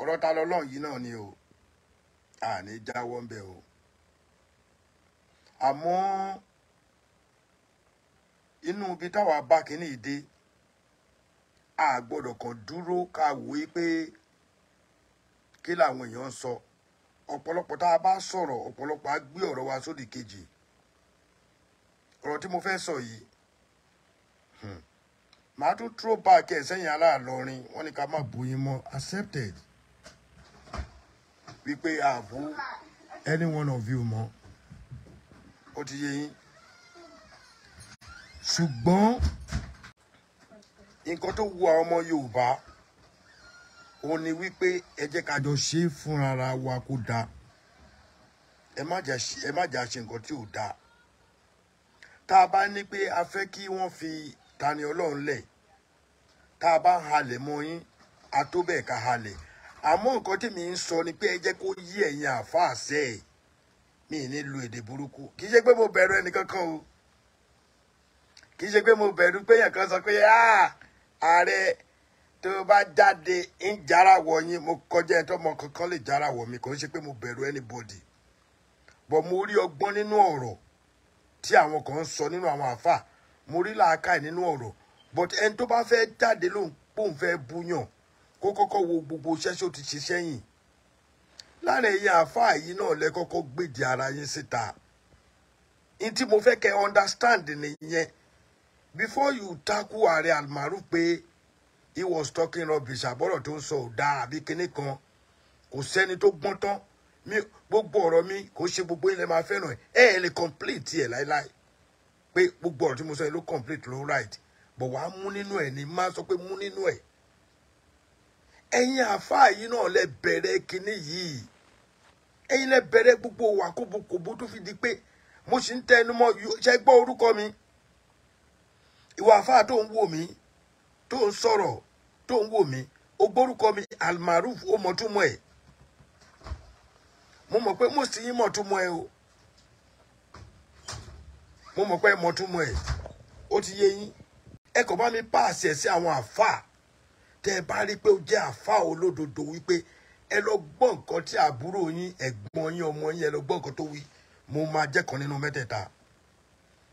ọ̀rọ̀ ta lọ́lọ́run yìí náà ni o àní jáwọ́ ń bẹ̀ o àmọ́ inú ibi táwa bá kínní ìdí a gbọ́dọ̀ kàn dúró ká wòye pé kí làwọn èèyàn ń sọ ọ̀pọ̀lọpọ̀ tá a bá sọ̀rọ̀ ọ̀pọ̀lọpọ̀ á gbé ọ̀rọ̀ wa sódì kejì ọ̀rọ̀ tí mo fẹ́ sọ yìí hmm, màá tún throw back ẹ̀ sẹ́yìn aláàlọ́rin wọ́n ní ká má bu yín mọ́ accepted wípé a fún any one of you mọ́ ó ti yé yín ṣùgbọ́n nǹkan tó wu àwọn ọmọ Yorùbá ó ní wípé ẹ jẹ́ ká jọ ṣe fúnra wa kó dáa ẹ má jà ṣe nǹkan tí ò dáa tá a bá ní pé a fẹ́ kí wọ́n fi Tani Olohun lẹ̀ tá a bá halẹ̀ mọ́ yín a tó bẹ́ẹ̀ ká halẹ̀ àmọ́ nǹkan tèmi ń sọ ni pé ẹ jẹ́ kó yí ẹ̀yin àáfàá sẹ́ ẹ̀ mi ní lu èdè burúkú kì í ṣe pé mo bẹ̀rù ẹnìkankan o kì í ṣe pé mo bẹ̀rù pé èèyàn kan sọ pé ah, ààrẹ tó bá jáde ń jára wọ yín mo kọjá ẹ tọmọ kankan lè jára wọ mi kò ń ṣe pé mo bẹ̀rù anybody bọ̀ mo rí ọgbọ́n nínú ọ̀rọ̀ tí àwọn kan ń sọ nínú àwọn àáfàá mo rí làákàyè nínú ọ̀rọ̀ but ẹni tó bá fẹ́ jáde lóhùn pòun fẹ́ búyàn kó kọ́kọ́ wo gbogbo ṣẹ́ṣẹ́ ó ti ṣe sẹ́yìn láàrin ẹ̀yà àfáà yìí náà lẹ kọ́kọ́ gbèdì ara yín síta ní tí mo fẹ́ kẹ́ understand nìyẹn before you tackle ààrẹ almaruf pé he was talking rubbish àbọ̀rọ̀ tó ń sọ ò dáa àbí kinní kan kò sẹ́ni tó gbọ́n tán mi gbogbo ọ̀rọ̀ mi kò ṣe gbogbo ilẹ̀ máa fẹ́ràn ẹ̀ ẹ̀ lè complete ẹ̀ láéláé pé gbogbo ọ̀rọ̀ tí mo sọ yẹn ló complete ló right but wàá mú nínú ẹ̀ ní má sọ pé mú nínú ẹ̀ ẹ̀yin àáfàá yìí náà lẹ bẹ̀rẹ̀ kinní yìí ẹ̀yin lẹ bẹ̀rẹ̀ gbogbo wà kóbokòbo tó fi di pé mo sì ń tẹnu mọ́ ṣe gbọ́ orúkọ mi ìwà àáfàá tó ń wò mí tó ń sọ̀rọ̀ tó ń wò mí o gbórúkọ mi almaruf ó mọ̀ túmọ̀ ẹ̀ mo mọ̀ pé mo sì yín mọ̀ túmọ̀ ẹ̀ o mo mọ̀ pé mọ̀ túmọ̀ ẹ̀ ó ti yé yín ẹ kò bá mi pàṣẹ sí àwọn àáfàá tẹ́ ẹ bá rí pé ó jẹ́ àfa olódodo wípé ẹ lọ gbọ́ nǹkan tí àbúrò yín ẹ̀gbọ́n yín ọmọ yín ẹ lọ gbọ́ nǹkan tó wí mo máa jẹ́ kan nínú mẹ́tẹ̀ẹ̀ta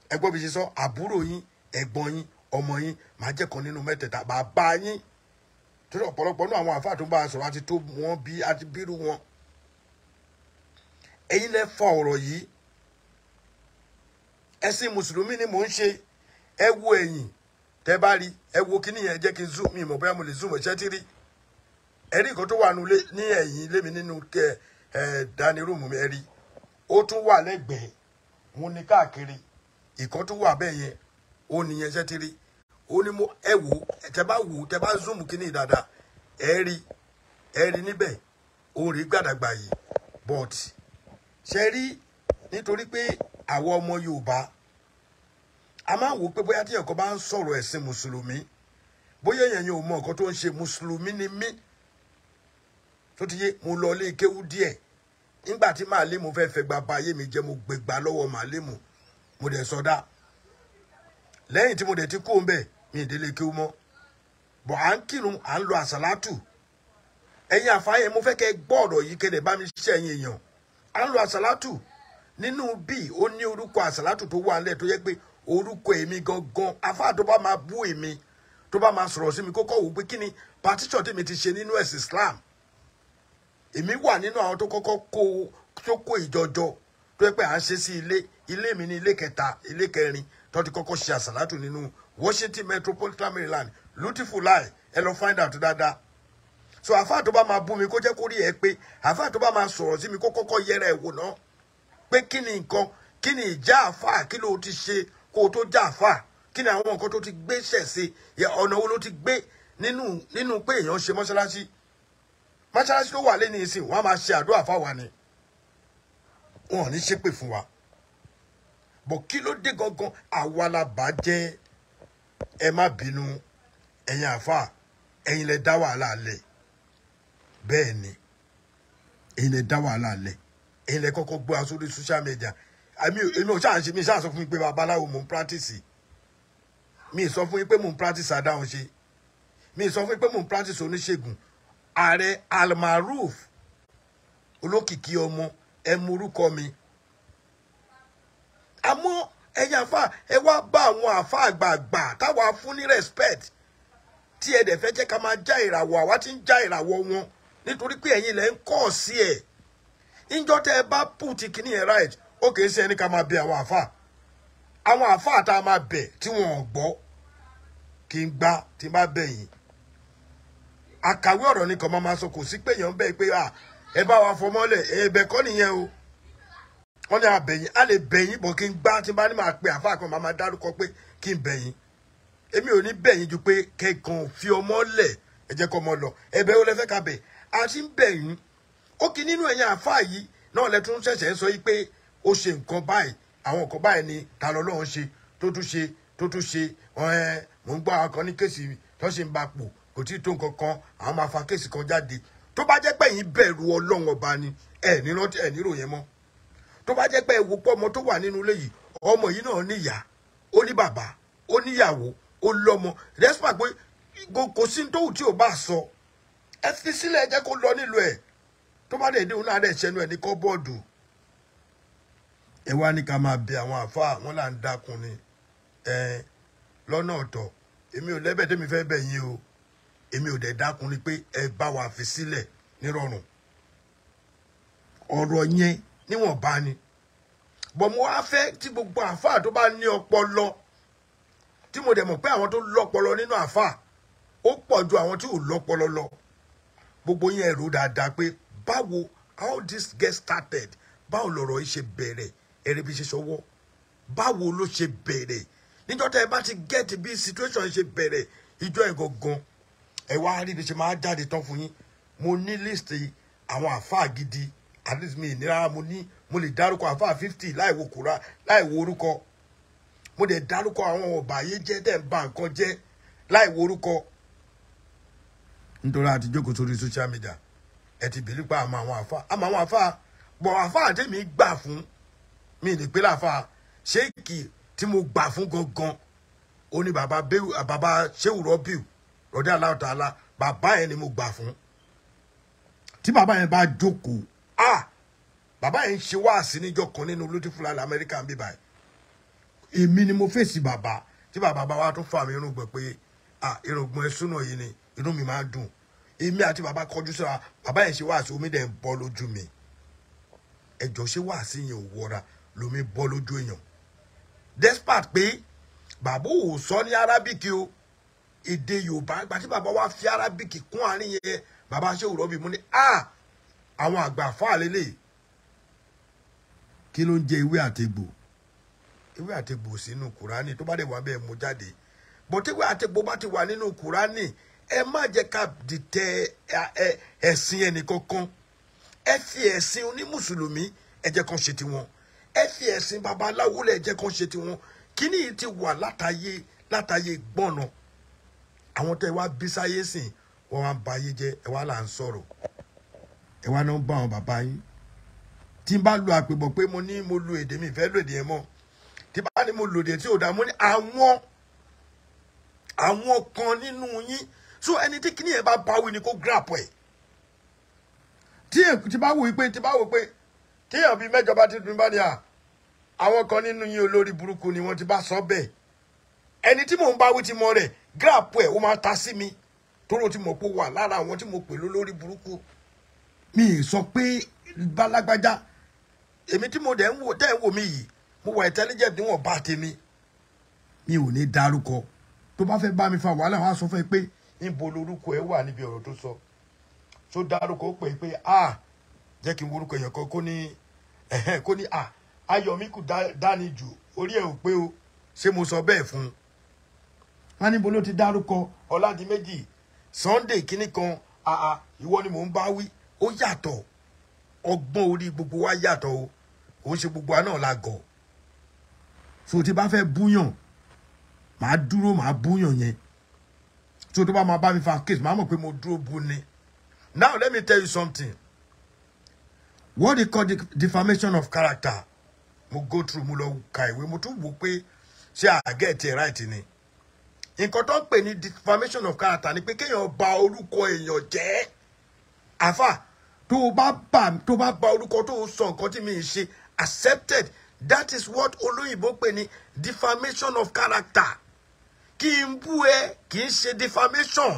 ẹ gbọ́ bí ṣe sọ àbúrò yín ẹ̀gbọ́n yín ọmọ yín máa jẹ́ kan nínú mẹ́tẹ̀ẹ̀ta bàbá yín torí ọ̀pọ̀lọpọ̀ náà àwọn àfa tó ń bá a sọ̀rọ̀ àti tó wọn bí àti bírú wọn ẹ̀yin lẹ fa ọ̀rọ̀ yìí ẹ̀sìn mùsùlùmí ni mò ń ṣe ẹ wo ẹ̀yìn tẹ́ bá kini ẹ wo kíní yẹn jẹ́ kí n zoom mi mọ̀ bóyá mo lè zoom ẹ̀ṣẹ́ tí rí ẹ̀rí nǹkan tó wà nù lé ní ẹ̀yìn ilé mi nínú ẹ̀ dání rúùmù mi ẹ̀rí ó tún wà lẹ́gbẹ̀ẹ́ wọn ní káàkiri ìkan tún wà bẹ́ẹ̀ yẹn ó nìyẹn ẹ̀ṣẹ́ tí rí ó ní mo ẹ wò tẹ́ bá zoom kíní dáadáa ẹ rí ẹ rí rí gbàdàgbà yìí but ṣe rí nítorí pé àwọn ọmọ Yorùbá a máa ń wò pé bóyá tí ẹ̀kọ́ bá ń sọ̀rọ̀ ẹ̀sìn mùsùlùmí bóyá èèyàn yẹn ò mọ nǹkan tó ń ṣe mùsùlùmí ni mí tó ti yé mo lọ ilé kéwú díẹ̀ nígbà tí màálímù fẹ́ fẹ́ gba báyé mi jẹ́ mo gbégbá lọ́wọ́ màálímù mo dẹ̀ sọdá lẹ́yìn tí mo dẹ̀ ti kó ń bẹ̀ mi ìdílé kéwú mọ́ bọ̀ à ń kírun à ń lo àsàlátù ẹ̀yin àfáàyè mo fẹ́ kẹ́ gbọ́ ọ̀rọ̀ yìí kẹ́ bá mi ṣiṣẹ́ ẹ̀yin èèyàn à ń lo àsàlátù nínú bíi ó ní orúkọ àsàlátù tó wà nílẹ̀ tó yẹ pé orúkọ èmi gangan àfáà tó bá máa bú èmi tó bá máa sọ̀rọ̀ sí mi kókó wò pé kí ni partition tèmi ti ṣe nínú ẹ̀sìn Islam èmi wà nínú àwọn tó kọ́kọ́ kó tó kó ìjọjọ tó yẹ pé à ń ṣe sí ilé ilé mi ní ilé kẹta ilé kẹrin tó ti kọ́kọ́ ṣe àsàlátù nínú Washington Metropolitan Maryland lutifu Lai ẹ lọ find out dáadáa so àfáà tó bá máa bú mi kó jẹ́ kó rí ẹ pé àfáà tó bá máa sọ̀rọ̀ sí mi kó kọ́kọ́ yẹra ẹ̀ wò náà pé kí ni nǹkan kí ni ìjà àfáà kí ló ti ṣe kó o tó já àfà kí ni àwọn nǹkan tó ti gbé ṣẹ̀ sí ọ̀nà wo ló ti gbé nínú nínú pé èèyàn ṣe mọ́ṣáláṣí mọ́ṣáláṣí tó wà lé ní ìsìn wọ́n á máa ṣe àdúrà fáwa ni wọn ò ní ṣépè fún wa bọ̀ kí ló dé gangan àwa la bà jẹ́ ẹ má bínú ẹ̀yin àfà ẹ̀yin lẹ dá ni ẹ̀yin lẹ dá wàhálà lẹ̀ ẹ̀yin lẹ kọ́kọ́ gbé aṣọ social media àmì èmi ò ṣáà ṣe mi ṣáà sọ fún mi pé babaláwo mò ń practice mi sọ fún yín pé mò ń practice adáhùn ṣe mi sọ fún yín pé mò ń practice oníṣègùn ààrẹ almaroof olókìkí ọmọ ẹ orúkọ mi àmọ́ ẹ̀yin àfa ẹ wá bá àwọn àfa àgbààgbà táwa fún ní respect tí ẹ dẹ̀ fẹ́ jẹ́ ká máa já ìràwọ̀ àwa ti ń já ìràwọ̀ wọn nítorí pé ẹ̀yin lẹ ń kọ́ sí ẹ̀ níjọ́ tẹ́ ẹ bá put kínní ẹ̀ right ó kìí ṣe ẹni ká máa bẹ àwọn àáfàá àwọn àáfàá tá a máa bẹ tí wọn ò gbọ́ kí n gbá tí n bá bẹ yín àkàwé ọ̀rọ̀ nìkan máa máa sọ kò sí pé èèyàn bẹ́ẹ̀ pé ẹ bá wa fọmọ́lẹ̀ ẹ̀bẹ̀ kọ́ nìyẹn o wọ́n ní abẹ̀yìn a lè bẹ̀yìn bọ̀ kí n gbá tí n bá ní máa pe àáfàá kan máa máa dárúkọ pé kí n bẹ̀yìn èmi ò ní bẹ̀yìn ju pé kẹ̀kan fi ọmọ lẹ̀ ẹ jẹ́ ọmọ lọ ẹ̀bẹ̀ ó lẹ́fẹ́ ká bẹ̀ ń bẹ̀yìn ó kì nínú ẹ̀yìn àáfàá yìí náà lẹ́tún ṣẹ̀ṣẹ̀ sọ yìí pé ó ṣe nǹkan báyìí àwọn nǹkan báyìí ni ta lọ́lọ́run ṣe tó tún ṣe tó tún ṣe ọ̀hẹ́ mò ń gbọ́ àwọn kan ní kéèsì tó ṣe ń ba pò kò tí ì tó nǹkan kan àwọn máa fa kéèsì kan jáde tó bá jẹ́ pé yín bẹ̀rù ọlọ́run ọba ni ẹ̀ ní rántí ẹ̀ nírò yẹn mọ́ tó bá jẹ́ pé ẹ wò pé ọmọ tó wà nínú ilé yìí ọmọ yìí náà níyà ó ní bàbá ó níyàwó ó lọ́mọ rẹ́sípà pé kò sí tó wù tí ò bá sọ ẹ fi sílẹ̀ ẹ jẹ́ kó lọ nílùú ẹ̀ tó bá dẹ̀ dé òun náà rẹ̀ ṣẹnu ẹ̀ ní kọ́bọ́ọ̀dù ẹ wá ní ká máa bẹ àwọn àfáà wọn là ń dákun ni ẹ lọ́nà ọ̀tọ̀ èmi ò lẹ́bẹ̀ tẹ́mi fẹ́ bẹ̀ yín o èmi ò dẹ̀ dákun ni pé ẹ bá wa fi sílẹ̀ nírọ̀rùn ọ̀rọ̀ yẹn níwọ̀n bá ni bọ̀ mo wá fẹ́ tí gbogbo àfáà tó bá ní ọpọlọ tí mo dẹ̀ mọ̀ pé àwọn tó lọ́pọlọ nínú àfáà ó pọ̀ ju àwọn tí ò lọ́pọlọ lọ gbogbo yẹn rò dáadáa pé báwo how this get started báwo lọ̀rọ̀ yìí ṣe bẹ̀rẹ̀ erébi ṣe ṣọwọ́ báwo ló ṣe bẹ̀rẹ̀ níjọ́ tẹ́ ẹ bá ti get bí situation ṣe bẹ̀rẹ̀ ìjọ ẹ̀ gangan ẹ wá rí ibi ṣe máa jáde tán fún yín mo ní list àwọn àfáà gidi at least mi ìnira mo ní mo lè dárúkọ àfáà fifty láìwo kura láìwo orúkọ mo dẹ̀ dárúkọ àwọn ọba ayé jẹ́ tẹ̀ ń ba nǹkan jẹ́ láìwo orúkọ nítorí àti jókòó sórí social media ẹ ti bìlí pa àmọ́ àwọn àfáà àmọ́ àwọn àfáà bọ̀ àfáà tèmi gbà fún mi lè pé láfa ṣéèkì tí mo gbà fún gangan ó ní bàbá bàbá ṣéwù rọ́bìù rọ́dí aláwọ̀tàlá bàbá yẹn ni mo gbà fún tí bàbá yẹn bá jókòó ah baba yẹn ń ṣe wáàsí níjọ kan nínú olódìfúnla amẹ́ríkà ń bí báyìí èmi ni mo fèsì bàbá tí bàbá bá wa tún fà mí irun gbọ pé ah irùngbọ̀n ẹ súnà yìí ni inú mi máa ń dùn èmi àti bàbá kọjú síra bàbá yẹn ṣe wáàsí omi dẹ̀ ń bọ́ lójú mi ẹ̀jọ̀ ṣe wáàsí yẹn ò wọra lomi bọ́ lójú èèyàn despite pé bàbá ò sọ ní arabic o èdè yorùbá gba tí bàbá wa fi arabic kún àárín yẹn bàbá ṣé òrọ́ bí mo ní a àwọn àgbà fún àlélẹ̀ kí ló ń jẹ ewé àtegbò ewé àtegbò sínú kùránì tó bá dẹ̀ wá bẹ́ẹ̀ mú jáde bọ̀tíwé àtegbò bá ti wà nínú kùránì ẹ má jẹ́ ká dìtẹ̀ ẹ̀sìn ẹnìkankan ẹ fi ẹ̀sìn onímùsùlùmí ẹ jẹ́ kan ṣe tiwọn ẹ fi ẹ̀sìn babaláwo lẹ̀ jẹ́ kán ṣe tiwọn kíní yìí ti wà látàyè látàyè gbọ́nà àwọn tẹ́ wá bí sáyé sìn wọ́n wá ń ba ayé jẹ́ ẹ wá là ń sọ̀rọ̀ ẹ wá náà ń bá àwọn bàbá yín tí n bá lu àpèbọ̀ pé mo ní mo lu èdè mi ìfẹ́ lòdì ẹ̀ mọ́ tí bá ní mo lòdì tí ò dá mo ní àwọn àwọn kan nínú yín so ẹni tí kíní yẹn bá báwí ni kó grab ẹ̀ tí bá wò pé tí bá wò pé téèyàn bíi mẹ́jọ ti dùn bá ní à àwọn kan nínú yín olórí burúkú ni wọ́n ti bá sọ bẹ́ẹ̀ ẹni tí mò ń bá wí ti mọ rẹ̀ gíráàpù ẹ̀ ó máa ta sí mi tóró tí mo pò wà lára àwọn tí mo pè lólórí burúkú mi ì sọ pé balagbájá èmi tí mo dẹ̀ ń wò tẹ́ ń wò mí yìí mo wà intelligent níwọ̀n bá tèmi mi ò ní dárúkọ tó bá fẹ́ bá mi fa wàhálà wàá sọ fún ẹ pé níbo lorúkọ ẹ wà níbi ọ̀rọ̀ tó sọ tó dárúkọ ó pè é pé a ah, jẹ́ kí n worúkọ èèyàn kan kó ní kó ní a ah, ayọ̀míkù dání jù orí ẹ̀ ò pé o ṣé mo sọ bẹ́ẹ̀ fún un. wọ́n níbo ló ti dárúkọ ọ̀làdìmẹ́jì sunday kínní kan àà ìwọ ni mò ń bá wí ó yàtọ̀ ọgbọ́n orí gbogbo wa yàtọ̀ o kò ṣe gbogbo wa la gọ̀. so tí bá fẹ́ búyàn màá dúró màá búyàn yẹn so tó bá máa bá mi fa case màá mọ̀ pé mo dúró bú ni. now let me tell you something what they call the defamation of character mo go through mo lọ ka ìwé mo tún wò pé ṣé àgẹ́ẹ̀tì ẹ̀ right ni nǹkan tó ń pè ní defamation of character ni pé kéèyàn ba orúkọ èèyàn jẹ́ àfà tó bá bà tó bá ba orúkọ tó sọ nǹkan tí mi ń ṣe accepted that is what olóyìnbó pè ní defamation of character kí n bú ẹ kì í ṣe defamation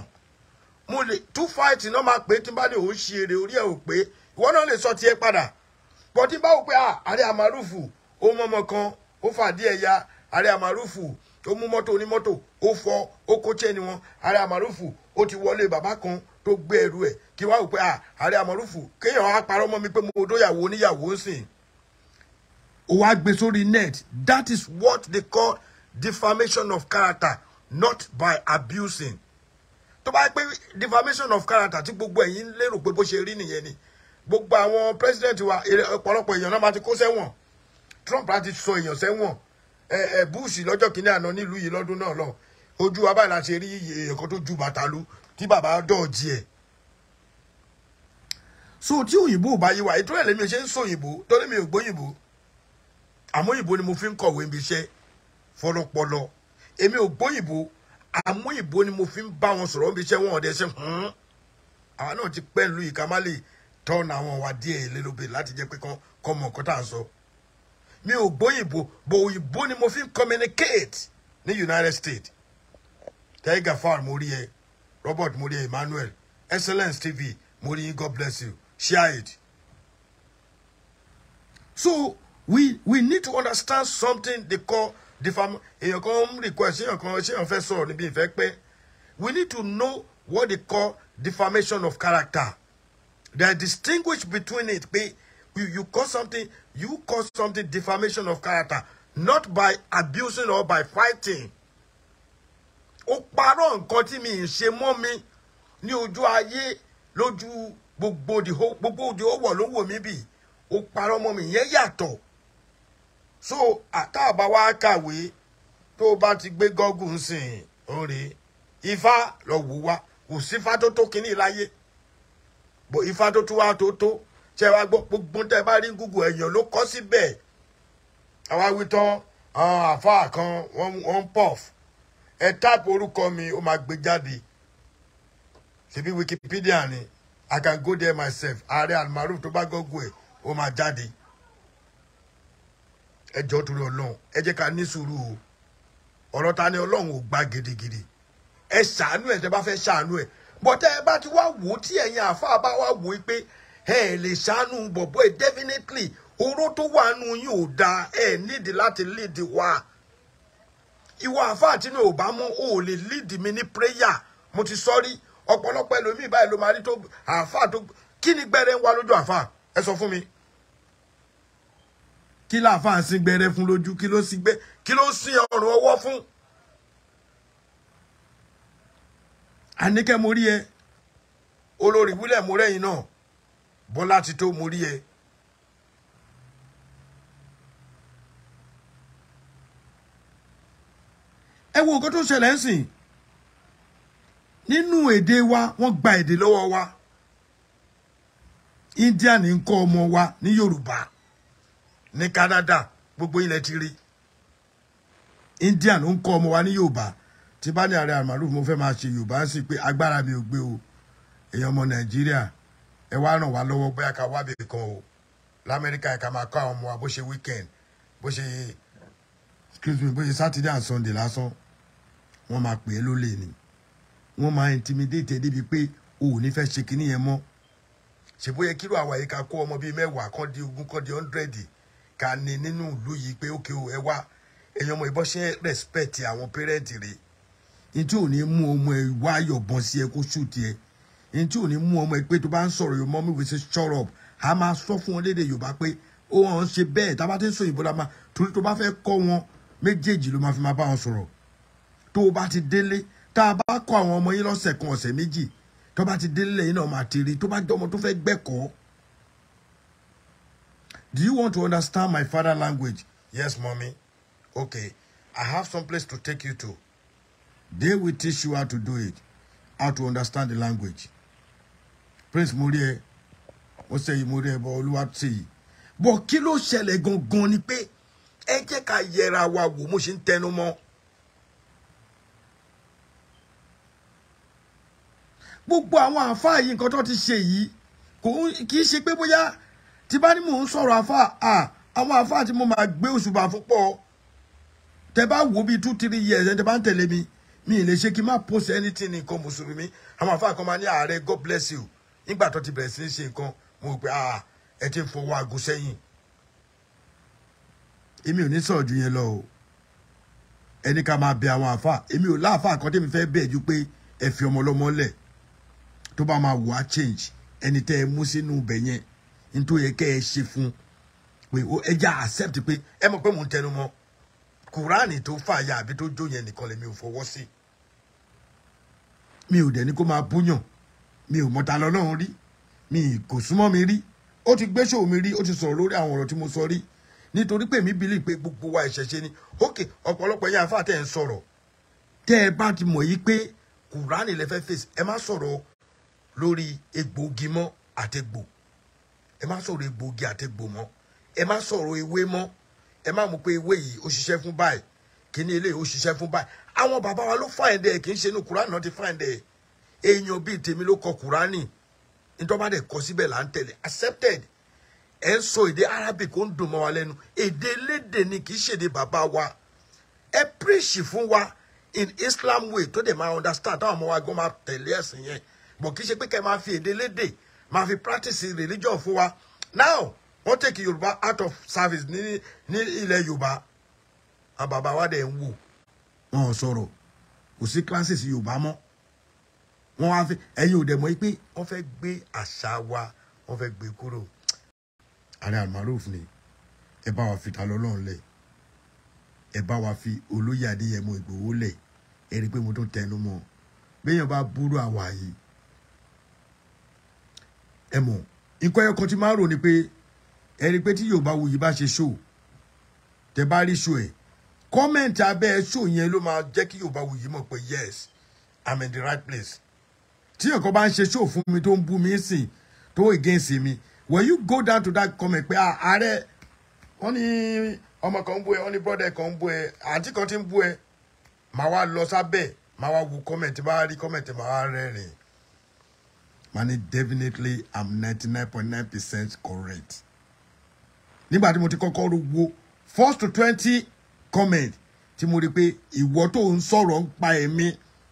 mo lè two fight náà máa pè é tí n bá lè ó ṣe èrè orí ẹ ò pé ìwọ náà lè sọ tiẹ̀ padà bọ́tí báwo pé ah, àárẹ̀ àmàlùfù ó mọ́mọ́ kan ó fàdí ẹ̀yà ààrẹ àmàrúfù ó mú mọ́tò onímọ́tò ó fọ ó kó chẹ́ni wọn ààrẹ àmàrúfù ó ti wọlé bàbá kan tó gbé ẹrù ẹ̀ kí wá wò pé ààrẹ àmàrúfù kéèyàn á parọ́ mọ́ mi pé mo dóyàwó oníyàwó ń sìn ó wá gbé sórí net that is what they call defamation of character not by abusing tó bá pé defamation of character tí gbogbo ẹ̀yin lérò pé bó ṣe rí nìyẹn ni gbogbo àwọn president wa ọ̀pọ̀lọpọ̀ èèyàn náà máa ti kó sẹ́wọ̀n Trump láti sọ èèyàn sẹ́wọ̀n ẹ Bush lọ́jọ́ kínní àná nílùú yìí lọ́dún náà lọ ojú wa báyìí la ṣe rí èèyàn kan tó ju bàtà lu tí bàbá dọ̀ọ̀jì ẹ̀ so tí òyìnbó bá yí wa ètò ẹ̀ lẹ́mi ṣe ń sọ òyìnbó torí mi ò gbóyìnbó àmọ́ òyìnbó ni mo fi ń kọ̀wé ibi iṣẹ́ fọlọ́pọlọ èmi ò gbóyìnbó àmọ́ òyìnbó ni mo fi ń bá wọn sọ̀rọ̀ ibi iṣẹ́ wọn ọ̀dẹ ṣe hàn àwa náà ti pẹ́ lu ìka má lè tọ́nà àwọn wa díẹ̀ lélóbe láti jẹ́ pé kọ́ mọ̀ sọ mi ò gbóyìnbó bò òyìnbó ni mo fi ń communicate ní United States tẹ́yí gafar mo rí ẹ Robert mo rí ẹ Emmanuel Excellence TV mo rí yín God bless you share it. So we we need to understand something they call defam èèyàn kan request èèyàn kan ṣéèyàn fẹ́ sọ̀rọ̀ níbi ìfẹ́ pé we need to know what they call defamation of character. They distinguish between it pé you, you call something you cause something defamation of character not by abusing or by fighting O parọ́ nǹkan tí mi ń ṣe mọ́ mi ní ojú ayé lójú gbogbo the whole gbogbo the whole world ló wò mí bì ó parọ́ mọ́ mi yẹn yàtọ̀ so àtàbá wa kawe to o bá ti gbé gọ́gùn sìn ó rèé ifá lọ wò wá kò sífá tó tó kínní láyé bò ifá tó tó wá tó tó ṣe wá gbọ́ gbogbo tẹ́ bá rí google èèyàn ló kọ síbẹ̀ àwa wí tán àwọn àfáà kan wọ́n puff ẹ táàpù orúkọ mi ó máa gbé jáde ṣebí wikipedia ni i can go there myself ààrẹ almaroof tó bá google ẹ̀ ó máa jáde ẹ jọ̀ọ́ torí Ọlọ́run ẹ jẹ́ ká ní sùúrù o ọ̀rọ̀ ta ni Ọlọ́run ò gbà gidigidi ẹ ṣàánú ẹ tẹ́ bá fẹ́ ṣàánú ẹ bọtẹ ẹ bá ti wá wò ó tí ẹ̀yin àáfàá bá wá wò ó pé ẹ lè ṣàánú bọ̀bọ̀ ẹ definitely oró tó wà nù yín ò dáa ẹ nídìí láti lead wa ìwọ àfáà tí mi ò bá mú o lè lead mi ní prayer mo ti sọrí ọ̀pọ̀lọpọ̀ ẹlòmíì báyìí ló máa rí tó àfáà tó kí ni gbẹrẹ ń wá lójú àfáà ẹ sọ fún mi kí láàfáà ń sin gbẹrẹ fún lójú kí ló sì gbẹ kí ló sin ọrùn ọwọ́ fún. àníkẹ́ mo rí ẹ olórí wílẹ̀ mo rẹ́yìn náà bọ́lá ti tó mo rí ẹ. ẹ wo nǹkan tó ṣẹlẹ̀ ń nínú èdè wa wọ́n gba èdè lọ́wọ́ wa India ní kọ́ ọmọ wa ní Yorùbá ní Canada gbogbo ilẹ̀ ti rí India ló ń kọ́ ọmọ wa ní Yorùbá tí bá ní ààrẹ àmàlù mo fẹ́ máa ṣe Yorùbá sí pé agbára mi ò gbé o èèyàn ọmọ Nàìjíríà ẹ wá ràn wá lọ́wọ́ bóyá ká wá bèbè kan o lamẹ́ríkà ẹ̀ka máa kọ́ àwọn ọmọ wa bó ṣe weekend bó ṣe excuse me bó ṣe Saturday and Sunday lásán wọ́n máa pè é lólè ni wọ́n máa intimidate ẹ débi pé o ò ní fẹ́ ṣe kinní yẹn mọ́ ṣe bóyá kírò àwa yìí ká kó ọmọ bíi mẹ́wàá kan di ogún kan di hundred ká ní nínú ìlú yìí pé ókè o ẹ wá ẹ̀yin ọmọ ìbọn respect àwọn parent rẹ̀ ní tí ò ní mú ọmọ ẹ wá yọ̀bọ̀n sí ẹ kó ṣùtì ẹ n tí ò ní mú ọmọ ẹ pé tó bá ń sọ̀rọ̀ yóò mọ́ mi wíṣẹ́ shut a máa sọ fún wọn léde Yorùbá pé ó hàn ṣe bẹ́ẹ̀ tá a bá ti ń sọ ìbò máa torí tó bá fẹ́ kọ́ wọn méjèèjì ló máa fi máa bá wọn sọ̀rọ̀ tó o bá ti délé tá a bá kọ́ àwọn ọmọ yín lọ́sẹ̀ kan ọ̀sẹ̀ méjì tó bá ti délé lẹ́yìn náà máa ti rí tó bá jẹ́ ọmọ tó fẹ́ gbẹ́kọ̀ọ́. Do you want to understand my father language? Yes, mommy. Okay, I have some place to take you to. They will teach you how to do it, how to understand the language prince mo rí ẹ wọ́n sẹ́yìn mo rí ẹ bọ́ olúwa tì í bọ́ kí ló ṣẹlẹ̀ gangan ni pé ẹ jẹ́ ká yẹra wa wò mo ṣe ń tẹnu mọ́. gbogbo àwọn àáfàá yìí nǹkan tó ti ṣe yìí kò kì í ṣe pé bóyá tí bá ní mò ń sọ̀rọ̀ àáfàá à àwọn àáfàá tí mo máa gbé òṣùbà fún pọ̀ tẹ bá wo bíi two three years ẹ tẹ bá ń tẹ̀lé mi mi ì lè ṣe kí n má post anything nǹkan mùsùlùmí àwọn àáfàá kan máa ní ààrẹ God bless you nígbà tó ti bẹ̀rẹ̀ sí ní ṣe nǹkan mo gbé ah ẹ ti fọwọ́ aago sẹ́yìn èmi ò ní sọ̀rọ̀ ju yẹn lọ o ẹni ká máa bẹ àwọn àáfà èmi ò láàfà kan tèmi fẹ́ bẹ̀ ju pé ẹ fi ọmọ ọlọ́mọ lẹ̀ tó bá máa wà change ẹni tẹ́ ẹ mú sínú ibẹ̀ yẹn ní yẹ kẹ́ ẹ ṣe fún pé ó ẹ já accept pé ẹ mọ̀ pé mò ń tẹnu mọ́ kùránì tó fàyà àbí tó jó yẹn nìkan lèmi ò fọwọ́ sí mi ò dẹ̀ ní kó máa búyàn mi ò mọ̀ta lọ́lọ́run rí mi kò súnmọ́ mi rí ó ti gbé ṣòwò mi rí ó ti sọ̀rọ̀ lórí àwọn ọ̀rọ̀ tí mo sọ rí nítorí pé mi bìlì pé gbogbo wa ìṣẹ̀ṣe ni ókè ọ̀pọ̀lọpọ̀ yẹn àfa tẹ̀ ń sọ̀rọ̀ tẹ́ ẹ bá ti mọ̀ yí pé kùránì lẹ́fẹ́ fèsì ẹ má sọ̀rọ̀ lórí egbògi mọ́ àtẹgbò ẹ má sọ̀rọ̀ egbògi àtẹgbò mọ́ ẹ má sọ̀rọ̀ ewé mọ́ ẹ má mú pé ewé yìí ó ṣiṣẹ́ fún báyìí kíní eléyìí ó ṣiṣẹ́ fún báyìí àwọn bàbá wa ló fáìndẹ̀ kì í ṣe inú kùránì náà ti fáìndẹ̀ yìí èèyàn bíi tèmi ló kọ kúránì nítorí wọn dẹ̀ kọ síbẹ̀ là ń tẹ̀lé accepted ẹ̀ ń sọ èdè arabic ó ń dùn mọ́ wa lẹ́nu èdè elédè ni kì í ṣèdè bàbá wa ẹ píríṣì fún wa in islam way tó dẹ̀ máa understand táwọn ọmọ wa gan máa tẹ̀lé ẹ̀sìn yẹn bọ̀ kì í ṣe pé kẹ́ máa fi èdè elédè máa fi practice religion fún wa now wọ́n take yorùbá out of service ní ní ilẹ̀ yorùbá àwọn bàbá wa dẹ̀ ń wò wọn ò sọ̀rọ̀ kò sí classes yorùbá mọ́ wọ́n wá fẹ́ ẹ̀yin ò dẹ̀ mọ̀ pé wọ́n fẹ́ gbé àṣà wa wọ́n fẹ́ gbé kúrò. ààrẹ almaroof ni ẹ bá wa fi ta lọ́lọ́run lẹ̀ ẹ bá wa fi olóyè adéyẹmọ ìgbòho lẹ̀ ẹ rí i pé mo tún tẹnu mọ́ béèyàn bá burú àwa yìí. ẹ mọ̀ nǹkan ẹ̀kọ́ tí máa rò ni pé ẹ rí i pé tí yorùbá wuyì bá ṣe ṣó tẹ bá rí ṣó ẹ̀ kọ́mẹ̀ntì abẹ́ ṣó yẹn ló máa jẹ́ kí yorùbá wuyì mọ̀ pé yes i'm in the right place tí ẹ̀kọ́ bá ń ṣe ṣó fún mi tó ń bú mi sìn tó against mi when you go down to that comment pé ààrẹ wọ́n ní ọmọ kan ń bú ẹ wọ́n ní brother kan ń bú ẹ àǹtí kan ti ń bú ẹ màá wá lọ sábẹ́ màá wá wo comment bá rí comment màá wá rẹ́rìn-ín màá ní definitely I'm ninety nine point nine percent correct nígbà tí mo ti kọ́kọ́ wo first to twenty comment tí mo rí pé ìwọ tó ń sọ̀rọ̀ ń pa ẹ̀mí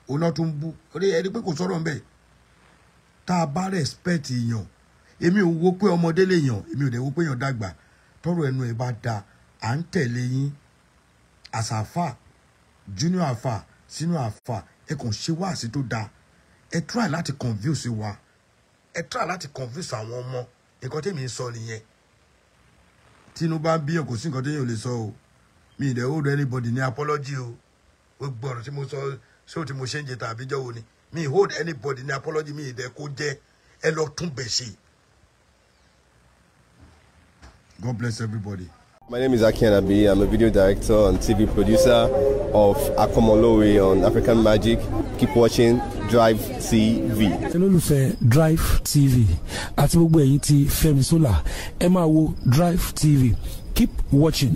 òun náà tún bú orí ẹni pé kò sọ̀rọ̀ ń bẹ́ẹ̀ tá a bá respect èèyàn èmi ò wo pé ọmọdé lè yàn èmi ò dẹ̀ wo pé èèyàn dàgbà tọrọ ẹnu ẹ bá da à ń tẹ̀lé yín àsàfà junior àfà senior àfà ẹ kàn ṣe wáàsí tó dáa ẹ try láti confuse wa ẹ try láti confuse àwọn ọmọ nǹkan tẹ́mi ń sọ nìyẹn tínú bá ń bíyàn kò sí nǹkan tẹ́yìn ò lè sọ o mi ì dẹ̀ ó anybody ní apology o gbogbo ọ̀rọ̀ tí mo sọ ṣé o ti mo ṣe ń jẹ tàbí jọ́wọ́ ni mi hold anybody ní apology mi ìdẹ kó jẹ ẹ lọ tún bẹ̀ ṣe. God bless everybody. My name is Aki Anabi. I'm a video director and TV producer of Akomolowe on African Magic. Keep watching Drive TV. olólùfẹ́ Drive TV àti gbogbo ẹ̀yin tí Fẹ́mi Sola ẹ máa wo Drive TV. Keep watching.